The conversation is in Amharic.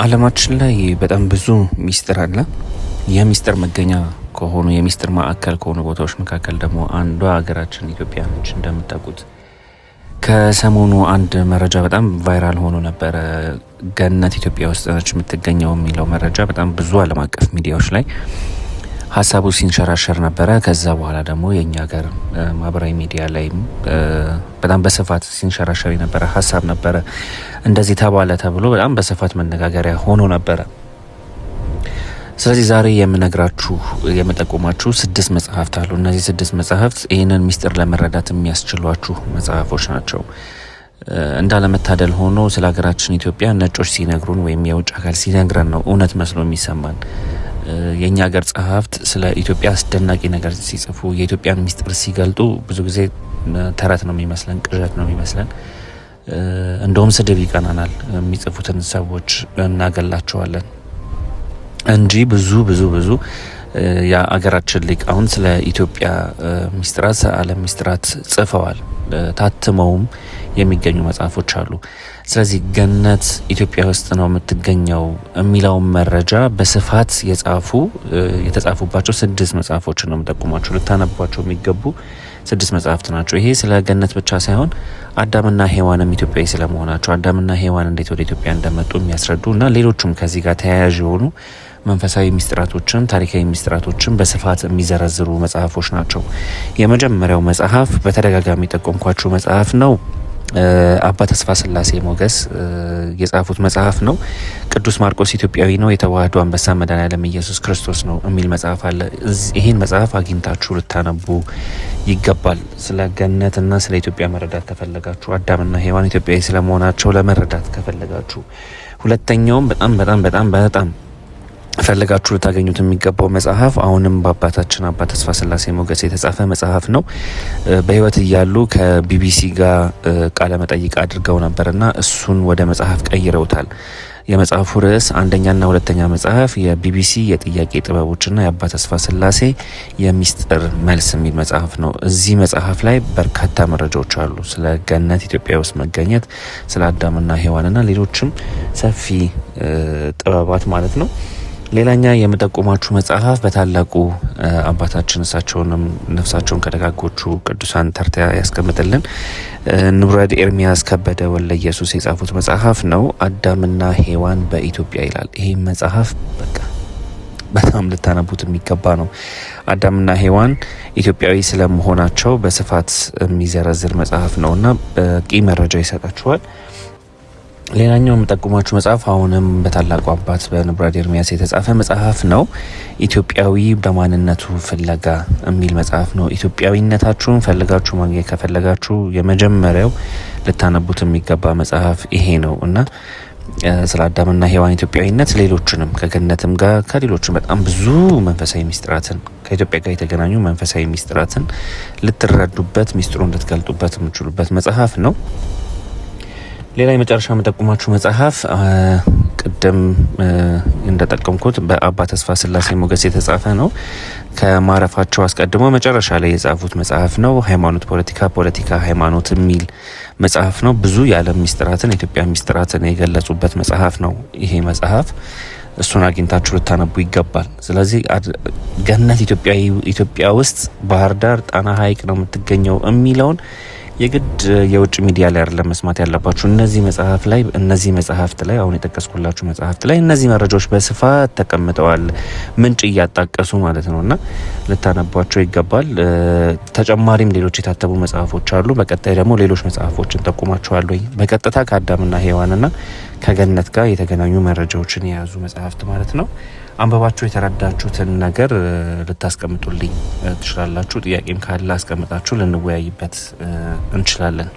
አለማችን ላይ በጣም ብዙ ሚስጥር አለ። የሚስጥር መገኛ ከሆኑ የሚስጥር ማዕከል ከሆኑ ቦታዎች መካከል ደግሞ አንዷ ሀገራችን ኢትዮጵያ ነች። እንደምታውቁት ከሰሞኑ አንድ መረጃ በጣም ቫይራል ሆኖ ነበረ። ገነት ኢትዮጵያ ውስጥ ነች የምትገኘው የሚለው መረጃ በጣም ብዙ አለም አቀፍ ሚዲያዎች ላይ ሀሳቡ ሲንሸራሸር ነበረ። ከዛ በኋላ ደግሞ የእኛ ሀገር ማህበራዊ ሚዲያ ላይም በጣም በስፋት ሲንሸራሸር የነበረ ሀሳብ ነበረ። እንደዚህ ተባለ ተብሎ በጣም በስፋት መነጋገሪያ ሆኖ ነበረ። ስለዚህ ዛሬ የምነግራችሁ የምጠቁማችሁ ስድስት መጽሐፍት አሉ። እነዚህ ስድስት መጽሐፍት ይህንን ሚስጥር ለመረዳት የሚያስችሏችሁ መጽሐፎች ናቸው። እንዳለመታደል ሆኖ ስለ ሀገራችን ኢትዮጵያ ነጮች ሲነግሩን ወይም የውጭ አካል ሲነግረን ነው እውነት መስሎ የሚሰማን። የእኛ ሀገር ጸሀፍት ስለ ኢትዮጵያ አስደናቂ ነገር ሲጽፉ የኢትዮጵያን ሚስጥር ሲገልጡ ብዙ ጊዜ ተረት ነው የሚመስለን፣ ቅዠት ነው የሚመስለን። እንደውም ስድብ ይቀናናል። የሚጽፉትን ሰዎች እናገላቸዋለን እንጂ ብዙ ብዙ ብዙ የአገራችን ሊቃውንት ስለ ኢትዮጵያ ሚስጥራት፣ ስለ ዓለም ሚስጥራት ጽፈዋል። ታትመውም የሚገኙ መጽሐፎች አሉ። ስለዚህ ገነት ኢትዮጵያ ውስጥ ነው የምትገኘው የሚለውን መረጃ በስፋት የጻፉ የተጻፉባቸው ስድስት መጽሐፎች ነው የምጠቁማቸው። ልታነቧቸው የሚገቡ ስድስት መጽሐፍት ናቸው። ይሄ ስለ ገነት ብቻ ሳይሆን አዳምና ሔዋንም ኢትዮጵያዊ ስለመሆናቸው አዳምና ሔዋን እንዴት ወደ ኢትዮጵያ እንደመጡ የሚያስረዱ እና ሌሎችም ከዚህ ጋር ተያያዥ የሆኑ መንፈሳዊ ሚስጥራቶችን፣ ታሪካዊ ሚስጥራቶችን በስፋት የሚዘረዝሩ መጽሐፎች ናቸው። የመጀመሪያው መጽሐፍ በተደጋጋሚ ጠቆምኳችሁ መጽሐፍ ነው። አባ ተስፋ ስላሴ ሞገስ የጻፉት መጽሐፍ ነው። ቅዱስ ማርቆስ ኢትዮጵያዊ ነው፣ የተዋህዶ አንበሳ ያለም ኢየሱስ ክርስቶስ ነው የሚል መጽሐፍ አለ። ይህን መጽሐፍ አግኝታችሁ ልታነቡ ይገባል። ስለ ገነትና ስለ ኢትዮጵያ መረዳት ከፈለጋችሁ፣ አዳምና ሔዋን ኢትዮጵያዊ ስለመሆናቸው ለመረዳት ከፈለጋችሁ፣ ሁለተኛውም በጣም በጣም በጣም በጣም ፈልጋችሁ ልታገኙት የሚገባው መጽሐፍ አሁንም በአባታችን አባ ተስፋ ስላሴ ሞገስ የተጻፈ መጽሐፍ ነው። በህይወት እያሉ ከቢቢሲ ጋር ቃለ መጠይቅ አድርገው ነበርና እሱን ወደ መጽሐፍ ቀይረውታል። የመጽሐፉ ርዕስ አንደኛና ሁለተኛ መጽሐፍ የቢቢሲ የጥያቄ ጥበቦችና የአባ ተስፋ ስላሴ የሚስጥር መልስ የሚል መጽሐፍ ነው። እዚህ መጽሐፍ ላይ በርካታ መረጃዎች አሉ። ስለ ገነት ኢትዮጵያ ውስጥ መገኘት፣ ስለ አዳምና ሔዋንና ሌሎችም ሰፊ ጥበባት ማለት ነው። ሌላኛ የምጠቁማችሁ መጽሐፍ በታላቁ አባታችን እሳቸውንም ነፍሳቸውን ከደጋጎቹ ቅዱሳን ተርታ ያስቀምጥልን ንቡራድ ኤርሚያስ ከበደ ወለ ኢየሱስ የጻፉት መጽሐፍ ነው። አዳምና ሔዋን በኢትዮጵያ ይላል። ይህም መጽሐፍ በቃ በጣም ልታነቡት የሚገባ ነው። አዳምና ሔዋን ኢትዮጵያዊ ስለመሆናቸው በስፋት የሚዘረዝር መጽሐፍ ነውና በቂ መረጃ ይሰጣችኋል። ሌላኛው የምጠቁማችሁ መጽሐፍ አሁንም በታላቁ አባት በንቡራድ ኤርሚያስ የተጻፈ መጽሐፍ ነው። ኢትዮጵያዊ በማንነቱ ፍለጋ የሚል መጽሐፍ ነው። ኢትዮጵያዊነታችሁን ፈልጋችሁ ማግኘት ከፈለጋችሁ የመጀመሪያው ልታነቡት የሚገባ መጽሐፍ ይሄ ነው እና ስለ አዳምና ሔዋን ኢትዮጵያዊነት ሌሎችንም ከገነትም ጋር ከሌሎችም በጣም ብዙ መንፈሳዊ ሚስጥራትን ከኢትዮጵያ ጋር የተገናኙ መንፈሳዊ ሚስጥራትን ልትረዱበት ሚስጥሩ ልትገልጡበት የምችሉበት መጽሐፍ ነው። ሌላ የመጨረሻ የምጠቁማችሁ መጽሐፍ ቅድም እንደጠቀምኩት በአባ ተስፋ ስላሴ ሞገስ የተጻፈ ነው። ከማረፋቸው አስቀድሞ መጨረሻ ላይ የጻፉት መጽሐፍ ነው። ሃይማኖት፣ ፖለቲካ፣ ፖለቲካ፣ ሃይማኖት የሚል መጽሐፍ ነው። ብዙ የዓለም ሚስጥራትን የኢትዮጵያ ሚስጥራትን የገለጹበት መጽሐፍ ነው ይሄ መጽሐፍ። እሱን አግኝታችሁ ልታነቡ ይገባል። ስለዚህ ገነት ኢትዮጵያ ውስጥ ባህር ዳር ጣና ሐይቅ ነው የምትገኘው የሚለውን የግድ የውጭ ሚዲያ ላይ አይደለም መስማት ያለባችሁ። እነዚህ መጽሐፍ ላይ እነዚህ መጽሐፍት ላይ አሁን የጠቀስኩላችሁ መጽሐፍት ላይ እነዚህ መረጃዎች በስፋት ተቀምጠዋል፣ ምንጭ እያጣቀሱ ማለት ነው እና ልታነቧቸው ይገባል። ተጨማሪም ሌሎች የታተሙ መጽሐፎች አሉ። በቀጣይ ደግሞ ሌሎች መጽሐፎችን ጠቁማችኋለሁ። በቀጥታ ከአዳምና ሔዋንና ከገነት ጋር የተገናኙ መረጃዎችን የያዙ መጽሐፍት ማለት ነው። አንበባችሁ የተረዳችሁትን ነገር ልታስቀምጡልኝ ትችላላችሁ። ጥያቄም ካለ አስቀምጣችሁ ልንወያይበት እንችላለን።